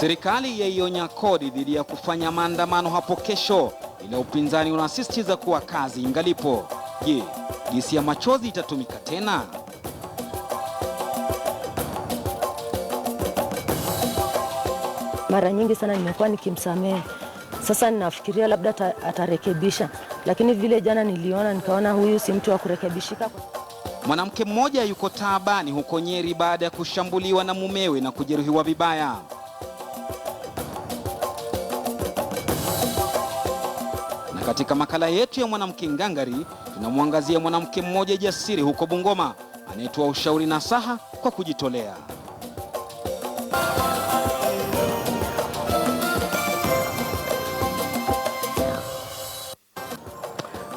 Serikali yaionya kodi dhidi ya kufanya maandamano hapo kesho, ila upinzani unasisitiza kuwa kazi ingalipo. Je, gesi ya machozi itatumika tena? Mara nyingi sana nimekuwa nikimsamehe, sasa ninafikiria labda atarekebisha, lakini vile jana niliona nikaona huyu si mtu wa kurekebishika. Mwanamke mmoja yuko taabani huko Nyeri baada ya kushambuliwa na mumewe na kujeruhiwa vibaya. Katika makala yetu ya mwanamke ngangari, tunamwangazia mwanamke mmoja jasiri huko Bungoma anayetoa ushauri na saha kwa kujitolea.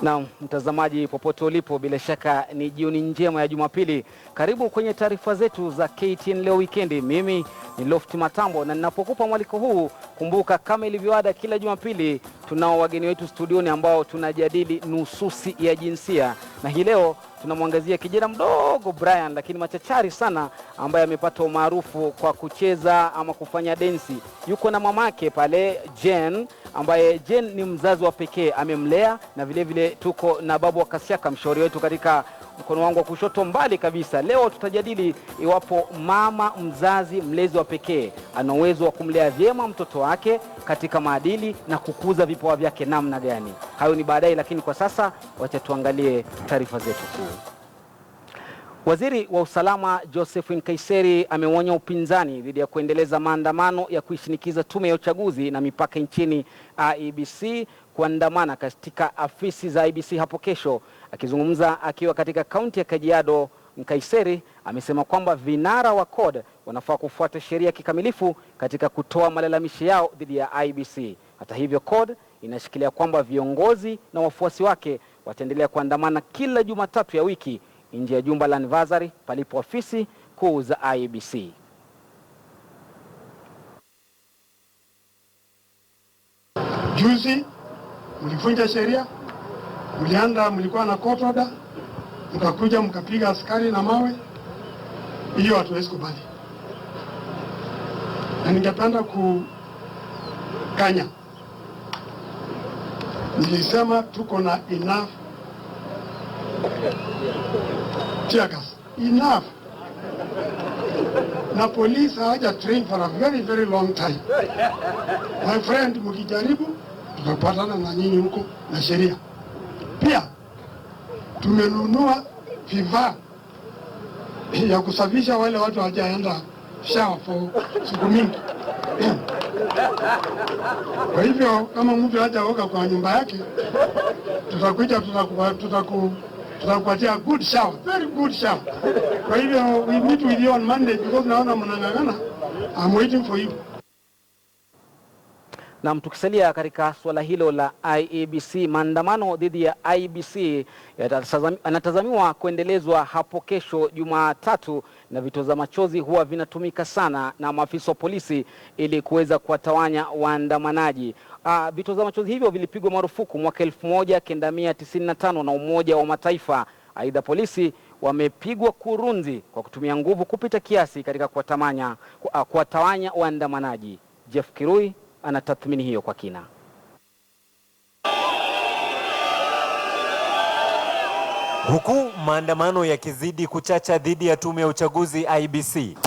Na mtazamaji popote ulipo, bila shaka ni jioni njema ya Jumapili. Karibu kwenye taarifa zetu za KTN leo wikendi. Mimi ni Lofti Matambo, na ninapokupa mwaliko huu, kumbuka kama ilivyoada kila Jumapili tunao wageni wetu studioni ambao tunajadili nususi ya jinsia, na hii leo tunamwangazia kijana mdogo Brian, lakini machachari sana, ambaye amepata umaarufu kwa kucheza ama kufanya densi. Yuko na mamake pale jen ambaye jen ni mzazi wa pekee, amemlea na vilevile vile, tuko na babu wa Kasiaka, mshauri wetu katika mkono wangu wa kushoto mbali kabisa. Leo tutajadili iwapo mama mzazi mlezi wa pekee ana uwezo wa kumlea vyema mtoto wake katika maadili na kukuza vipawa vyake namna gani. Hayo ni baadaye, lakini kwa sasa wacha tuangalie taarifa zetu kuu. Waziri wa usalama Joseph Nkaiseri ameonya upinzani dhidi ya kuendeleza maandamano ya kuishinikiza tume ya uchaguzi na mipaka nchini IEBC kuandamana katika afisi za IEBC hapo kesho Akizungumza akiwa katika kaunti ya Kajiado Nkaiseri amesema kwamba vinara wa CORD wanafaa kufuata sheria kikamilifu katika kutoa malalamishi yao dhidi ya IEBC. Hata hivyo, CORD inashikilia kwamba viongozi na wafuasi wake wataendelea kuandamana kila Jumatatu ya wiki nje ya jumba la Anniversary palipo ofisi kuu za IEBC. Juzi mlivunja sheria mlianda, mlikuwa na kotoda, mkakuja mkapiga askari na mawe. Hiyo hatuwezi kubali, na ningependa kukanya. Nilisema tuko na enough tear gas, enough na polisi hawaja train for a very very long time. My friend, mkijaribu tutapatana na nyinyi huko na sheria tumenunua vifaa ya kusafisha wale watu hawajaenda shower for siku mingi. Kwa hivyo kama mtu hajaoga kwa nyumba yake, tutakuja tutakupatia good shower, very good shower. Kwa hivyo we meet with you on Monday because naona mnang'ang'ana. I'm waiting for you. Na tukisalia katika suala hilo la IEBC, maandamano dhidi ya IEBC yanatazamiwa kuendelezwa hapo kesho Jumatatu, na vitoza machozi huwa vinatumika sana na maafisa wa polisi ili kuweza kuwatawanya waandamanaji. Ah, za machozi hivyo vilipigwa marufuku mwaka 1995 na Umoja wa Mataifa. Aidha, polisi wamepigwa kurunzi kwa kutumia nguvu kupita kiasi katika kuwatawanya waandamanaji. Jeff Kirui anatathmini hiyo kwa kina. Huku maandamano yakizidi kuchacha dhidi ya tume ya uchaguzi ibc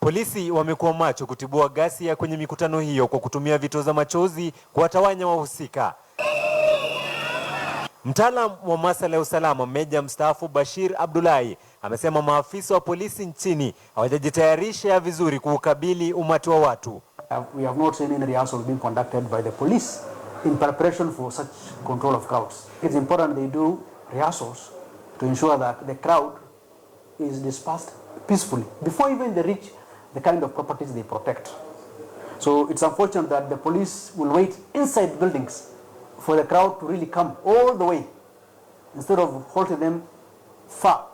polisi wamekuwa macho kutibua ghasia kwenye mikutano hiyo kwa kutumia vitoza machozi kuwatawanya wahusika. Mtaalam wa masuala ya usalama meja mstaafu Bashir Abdullahi amesema maafisa wa polisi nchini hawajajitayarisha vizuri kuukabili umati wa watu have, we have not seen any rehearsal being conducted by the police in preparation for such control of crowds. It's important they do rehearsals to ensure that the crowd is dispersed peacefully before even they reach the kind of properties they protect. So it's unfortunate that the police will wait inside buildings for the crowd to really come all the way instead of halting them far.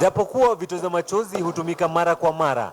Japokuwa vitoza machozi hutumika mara kwa mara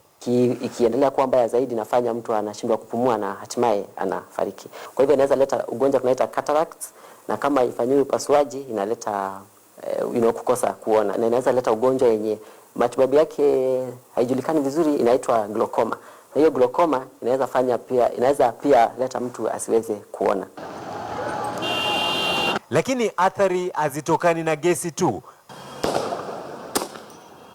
ikiendelea kuwa mbaya zaidi inafanya mtu anashindwa kupumua na hatimaye anafariki. Kwa hivyo inaweza leta ugonjwa tunaita cataracts, na kama ifanyiwe upasuaji inaleta eh, you kukosa kuona na inaweza leta ugonjwa yenye matibabu yake haijulikani vizuri inaitwa glaucoma, na hiyo glaucoma inaweza fanya pia, inaweza pia leta mtu asiweze kuona. Lakini athari hazitokani na gesi tu,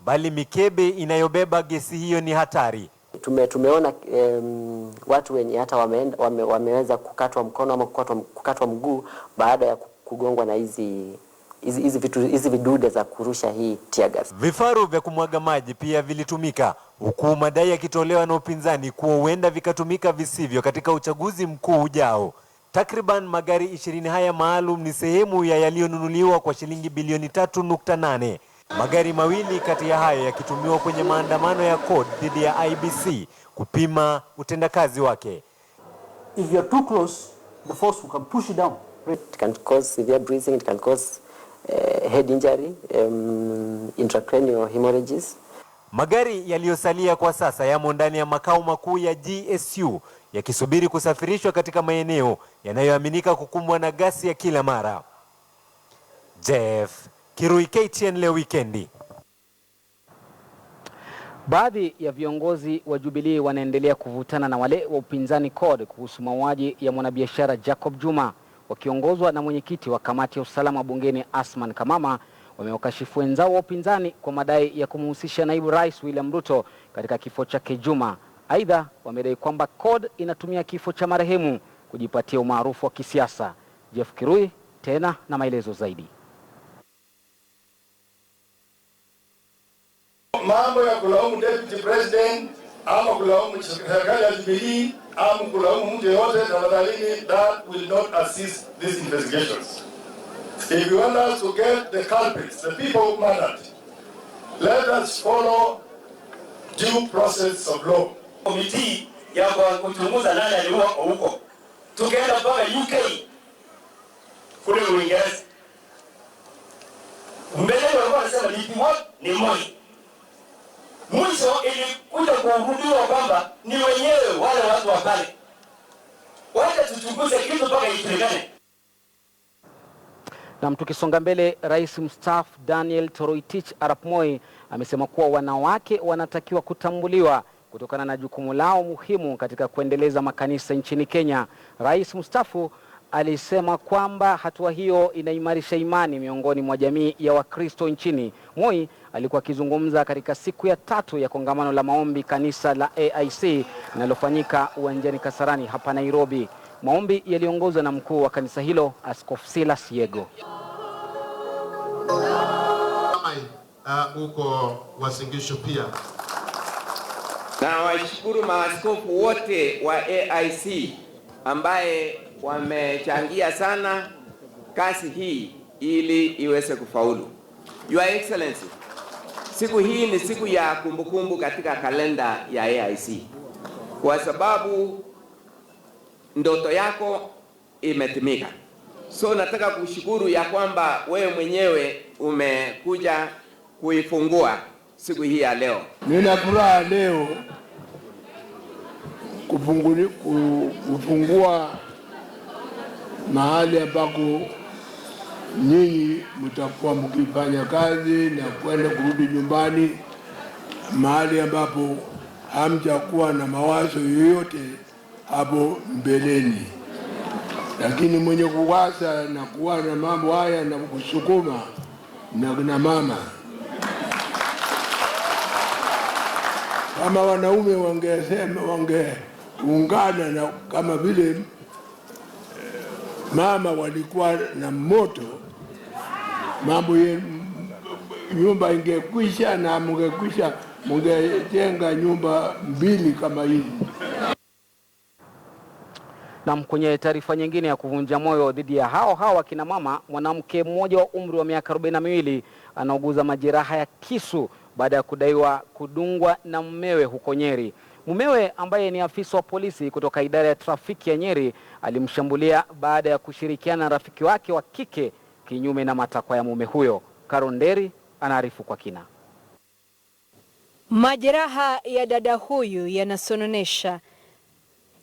bali mikebe inayobeba gesi hiyo ni hatari. Tume, tumeona um, watu wenye hata wameenda, wame, wameweza kukatwa mkono ama kukatwa, kukatwa mguu baada ya kugongwa na hizi hizi vitu hizi vidude za kurusha hii tear gas. Vifaru vya kumwaga maji pia vilitumika huku madai yakitolewa na upinzani kuwa huenda vikatumika visivyo katika uchaguzi mkuu ujao. Takriban magari ishirini haya maalum ni sehemu ya yaliyonunuliwa kwa shilingi bilioni tatu nukta nane. Magari mawili kati ya hayo yakitumiwa kwenye maandamano ya CORD dhidi ya IEBC kupima utendakazi wake. If you are too close, the force will come push you down. It can cause severe breathing, it can cause uh, head injury, um, intracranial hemorrhages. Magari yaliyosalia kwa sasa yamo ndani ya makao makuu ya GSU yakisubiri kusafirishwa katika maeneo yanayoaminika kukumbwa na gasi ya kila mara. Jeff Kirui KTN leo wikendi. Baadhi ya viongozi wa Jubilee wanaendelea kuvutana na wale wa upinzani CORD kuhusu mauaji ya mwanabiashara Jacob Juma, wakiongozwa na mwenyekiti wa kamati ya usalama bungeni Asman Kamama, wamewakashifu wenzao wa upinzani kwa madai ya kumhusisha naibu rais William Ruto katika kifo chake Juma. Aidha, wamedai kwamba CORD inatumia kifo cha marehemu kujipatia umaarufu wa kisiasa. Jeff Kirui tena na maelezo zaidi. mambo ya kulaumu deputy president ama kulaumu serikali ya Jubilee ama kulaumu mtu yoyote tafadhalini, that will not assist these investigations. If you want us to get the culprits, the people who murdered, let us follow due process of law. Committee ya kuchunguza nani aliua huko, tukaenda mpaka UK kule Uingereza, mbele walikuwa wanasema ni moja kuja kuhukumiwa kwamba ni wenyewe wale watu wa pale. Wacha tuchunguze kitu mpaka ijulikane. Nam, tukisonga mbele, rais mstaafu Daniel Toroitich Arap Moi amesema kuwa wanawake wanatakiwa kutambuliwa kutokana na jukumu lao muhimu katika kuendeleza makanisa nchini Kenya. Rais mstaafu alisema kwamba hatua hiyo inaimarisha imani miongoni mwa jamii ya Wakristo nchini. Moi alikuwa akizungumza katika siku ya tatu ya kongamano la maombi kanisa la AIC linalofanyika uwanjani Kasarani hapa Nairobi. Maombi yaliongozwa na mkuu wa kanisa hilo Askofu Silas Yego. Uh, uko pia na washukuru maaskofu wote wa AIC ambaye wamechangia sana kasi hii ili iweze kufaulu. Your Excellency, siku hii ni siku ya kumbukumbu kumbu katika kalenda ya AIC kwa sababu ndoto yako imetimika. So nataka kushukuru ya kwamba wewe mwenyewe umekuja kuifungua siku hii ya leo. Nina furaha leo kufungua mahali ambako nyinyi mtakuwa mkifanya kazi na kwenda kurudi nyumbani, mahali ambapo hamjakuwa na mawazo yoyote hapo mbeleni. Lakini mwenye kuwaza na kuwa na mambo haya na kusukuma na na mama, kama wanaume wangeungana na kama vile mama walikuwa na moto, mambo nyumba ingekwisha na mungekwisha, mungejenga nyumba mbili kama hizi. Nam, kwenye taarifa nyingine ya kuvunja moyo dhidi ya hao hao wakina mama, mwanamke mmoja wa umri wa miaka arobaini na miwili anauguza majeraha ya kisu baada ya kudaiwa kudungwa na mmewe huko Nyeri. Mumewe ambaye ni afisa wa polisi kutoka idara ya trafiki ya Nyeri alimshambulia baada ya kushirikiana na rafiki wake wa kike kinyume na matakwa ya mume huyo. Karonderi anaarifu kwa kina. Majeraha ya dada huyu yanasononesha.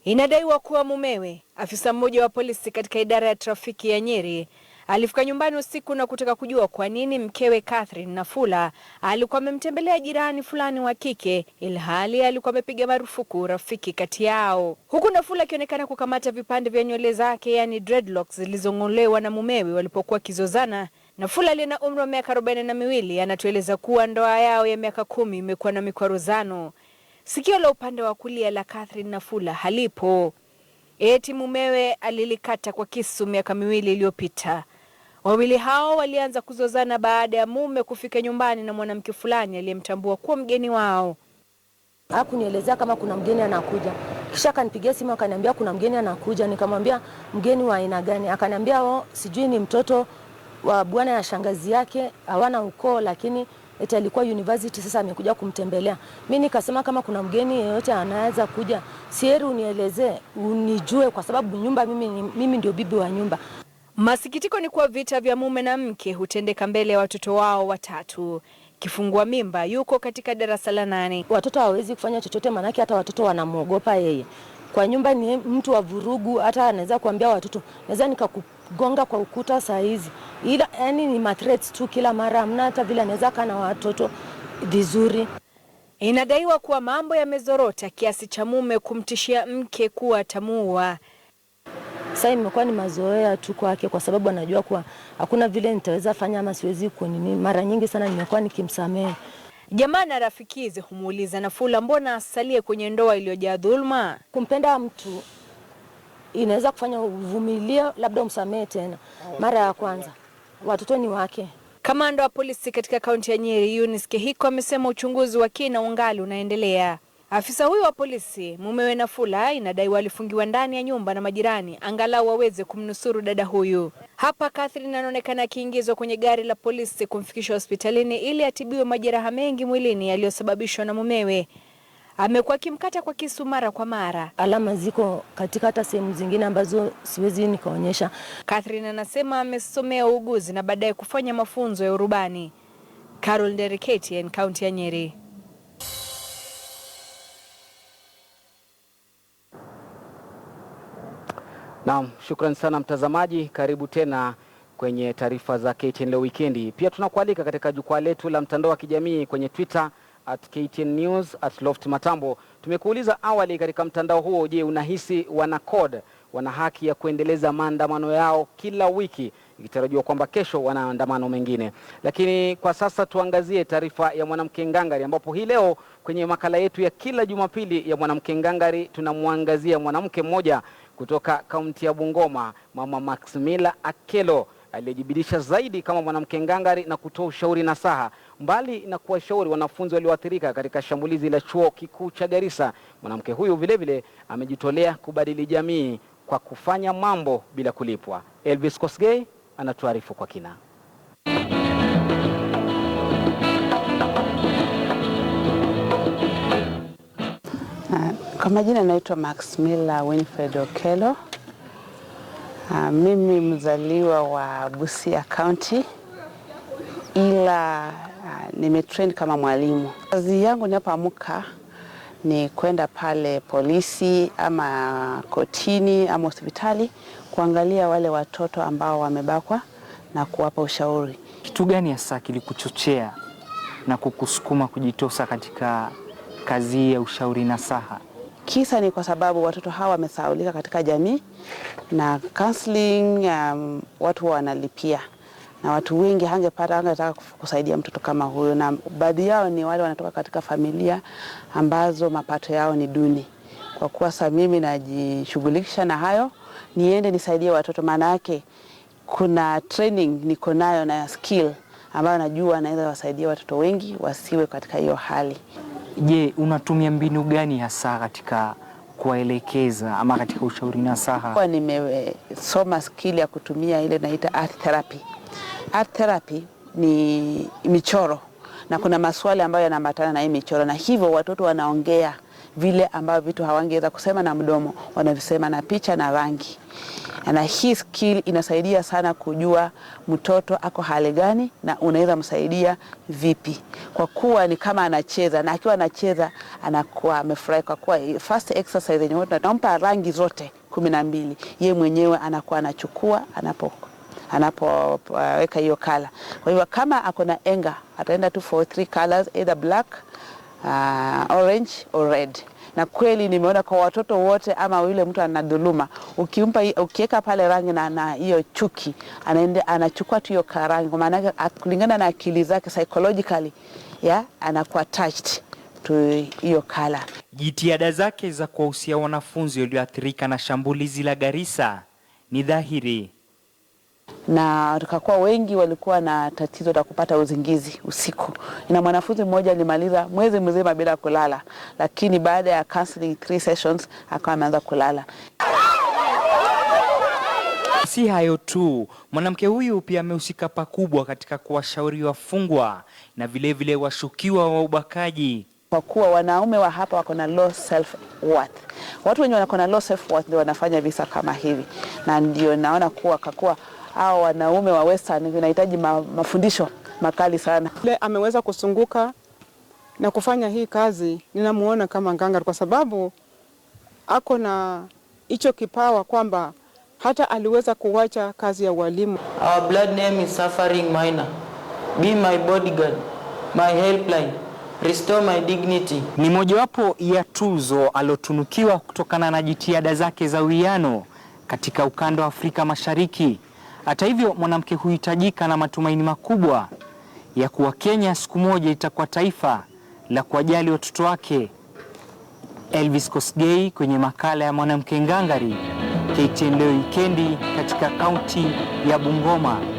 Inadaiwa kuwa mumewe, afisa mmoja wa polisi katika idara ya trafiki ya Nyeri, Alifika nyumbani usiku na kutaka kujua kwa nini mkewe Catherine Nafula alikuwa amemtembelea jirani fulani wa kike ilhali alikuwa amepiga marufuku urafiki kati yao, huku Nafula akionekana kukamata vipande vya nywele zake, yani dreadlocks zilizong'olewa na mumewe walipokuwa wakizozana. Nafula aliye na umri wa miaka arobaini na miwili anatueleza kuwa ndoa yao ya miaka kumi imekuwa na mikwaruzano. Sikio la upande wa kulia la Catherine Nafula halipo, eti mumewe alilikata kwa kisu miaka miwili iliyopita. Wawili hao walianza kuzozana baada ya mume kufika nyumbani na mwanamke fulani aliyemtambua kuwa mgeni wao. Hakunielezea kama kuna mgeni anakuja, kisha akanipigia simu akaniambia kuna mgeni anakuja. Nikamwambia mgeni wa aina gani? Akaniambia oh, sijui ni mtoto wa bwana ya shangazi yake, hawana ukoo, lakini eti alikuwa university, sasa amekuja kumtembelea. Mi nikasema kama kuna mgeni yeyote anaweza kuja, sieri unielezee, unijue, kwa sababu nyumba mimi, mimi ndio bibi wa nyumba. Masikitiko ni kuwa vita vya mume na mke hutendeka mbele ya watoto wao watatu. Kifungua mimba yuko katika darasa la nane. Watoto hawawezi kufanya chochote, maanake hata watoto wanamwogopa yeye. Kwa nyumba ni mtu wa vurugu, hata anaweza kuambia watoto, naweza nikakugonga kwa ukuta saa hizi, ila yani ni matrets tu kila mara, amna hata vile anaweza kaa na watoto vizuri. Inadaiwa kuwa mambo yamezorota kiasi cha mume kumtishia mke kuwa atamuua. Sasa imekuwa ni mazoea tu kwake, kwa sababu anajua kuwa hakuna vile nitaweza fanya ama siwezi kunini. Mara nyingi sana nimekuwa nikimsamehe. Jamaa na rafikizi humuuliza Nafula, mbona asalie kwenye ndoa iliyojaa dhuluma? Kumpenda mtu inaweza kufanya uvumilie, labda umsamehe tena mara ya kwanza. Watoto ni wake. Kamanda wa polisi katika kaunti ya Nyeri Eunice Kihiko amesema uchunguzi wa kina ungali unaendelea. Afisa huyo wa polisi mumewe Nafula inadaiwa alifungiwa ndani ya nyumba na majirani angalau waweze kumnusuru dada huyu. Hapa Catherine anaonekana akiingizwa kwenye gari la polisi kumfikisha hospitalini ili atibiwe majeraha mengi mwilini yaliyosababishwa na mumewe. Amekuwa akimkata kwa kisu mara kwa mara. Alama ziko katika hata sehemu zingine ambazo siwezi nikaonyesha. Catherine anasema amesomea uuguzi na baadaye kufanya mafunzo ya urubani. Carol Nderiketian, kaunti ya Nyeri. Naam, shukrani sana mtazamaji, karibu tena kwenye taarifa za KTN leo wikendi. Pia tunakualika katika jukwaa letu la mtandao wa kijamii kwenye Twitter at KTN News at Loft Matambo. Tumekuuliza awali katika mtandao huo, je, unahisi wanacode wana haki ya kuendeleza maandamano yao kila wiki, ikitarajiwa kwamba kesho wana maandamano mengine. Lakini kwa sasa tuangazie taarifa ya mwanamke ngangari, ambapo hii leo kwenye makala yetu ya kila Jumapili ya mwanamke ngangari tunamwangazia mwanamke mmoja kutoka kaunti ya Bungoma, Mama Maximila Akelo aliyejibidisha zaidi kama mwanamke ngangari na kutoa ushauri na saha Mbali na kuwashauri wanafunzi walioathirika katika shambulizi la chuo kikuu cha Garissa, mwanamke huyu vilevile amejitolea kubadili jamii kwa kufanya mambo bila kulipwa. Elvis Kosgei anatuarifu kwa kina. Kwa majina naitwa Maxmila Winfred Okello. Uh, mimi mzaliwa wa Busia County ila uh, nimetrain kama mwalimu. Kazi yangu ninapoamka ni kwenda pale polisi ama kotini ama hospitali kuangalia wale watoto ambao wamebakwa na kuwapa ushauri. Kitu gani hasa kilikuchochea na kukusukuma kujitosa katika kazi ya ushauri na saha Kisa ni kwa sababu watoto hawa wamesahaulika katika jamii na counseling, um, watu wanalipia na watu wengi hangepata angetaka kusaidia mtoto kama huyo, na baadhi yao ni wale wanatoka katika familia ambazo mapato yao ni duni. Kwa kuwa sasa mimi najishughulisha na hayo, niende nisaidie watoto, maana yake kuna training niko nayo na skill ambayo najua naweza wasaidia watoto wengi wasiwe katika hiyo hali. Je, unatumia mbinu gani hasa katika kuwaelekeza ama katika ushauri nasaha? Kwa nimesoma skili ya kutumia ile naita art therapy. Art therapy ni michoro na kuna maswali ambayo yanaambatana na hii michoro, na hivyo watoto wanaongea vile ambavyo vitu hawangeweza kusema na mdomo, wanavisema na picha na rangi. Na hii skill inasaidia sana kujua mtoto ako hali gani na unaweza msaidia vipi, kwa kuwa ni kama anacheza, na akiwa anacheza anakuwa amefurahi, kwa kuwa first exercise yenyewe tunampa rangi zote kumi na mbili, ye mwenyewe anakuwa anachukua anapo anapoweka uh, hiyo kala. Kwa hivyo kama ako na enga, ataenda tu for three colors either black uh, orange or red. Na kweli nimeona kwa watoto wote, ama yule mtu anadhuluma, ukimpa ukiweka pale rangi na hiyo chuki, anaende anachukua tu hiyo rangi, kwa maana kulingana na akili zake psychologically, yeah, anakuwa touched to hiyo kala. Jitihada zake za kuwahusia wanafunzi walioathirika na shambulizi la Garissa ni dhahiri na tukakuwa wengi walikuwa na tatizo la kupata uzingizi usiku, na mwanafunzi mmoja alimaliza mwezi mzima bila kulala, lakini baada ya counseling three sessions akawa ameanza kulala. Si hayo tu, mwanamke huyu pia amehusika pakubwa katika kuwashauri wafungwa na vilevile washukiwa wa ubakaji kwa kuwa wanaume wa hapa wako na low self worth. Watu wenye wako na low self worth ndio wanafanya visa kama hivi, na ndio naona kuwa kakuwa hao wanaume wa Western vinahitaji ma, mafundisho makali sana. Le, ameweza kusunguka na kufanya hii kazi, ninamuona kama nganga kwa sababu ako na hicho kipawa kwamba hata aliweza kuwacha kazi ya ualimu. Our blood name is suffering minor. Be my bodyguard, my helpline. Restore my dignity. Ni mojawapo ya tuzo aliotunukiwa kutokana na jitihada zake za uwiano katika ukanda wa Afrika Mashariki. Hata hivyo, mwanamke huhitajika na matumaini makubwa ya kuwa Kenya siku moja itakuwa taifa la kuwajali watoto wake. Elvis Kosgei kwenye makala ya Mwanamke Ngangari, KTN leo wikendi katika kaunti ya Bungoma.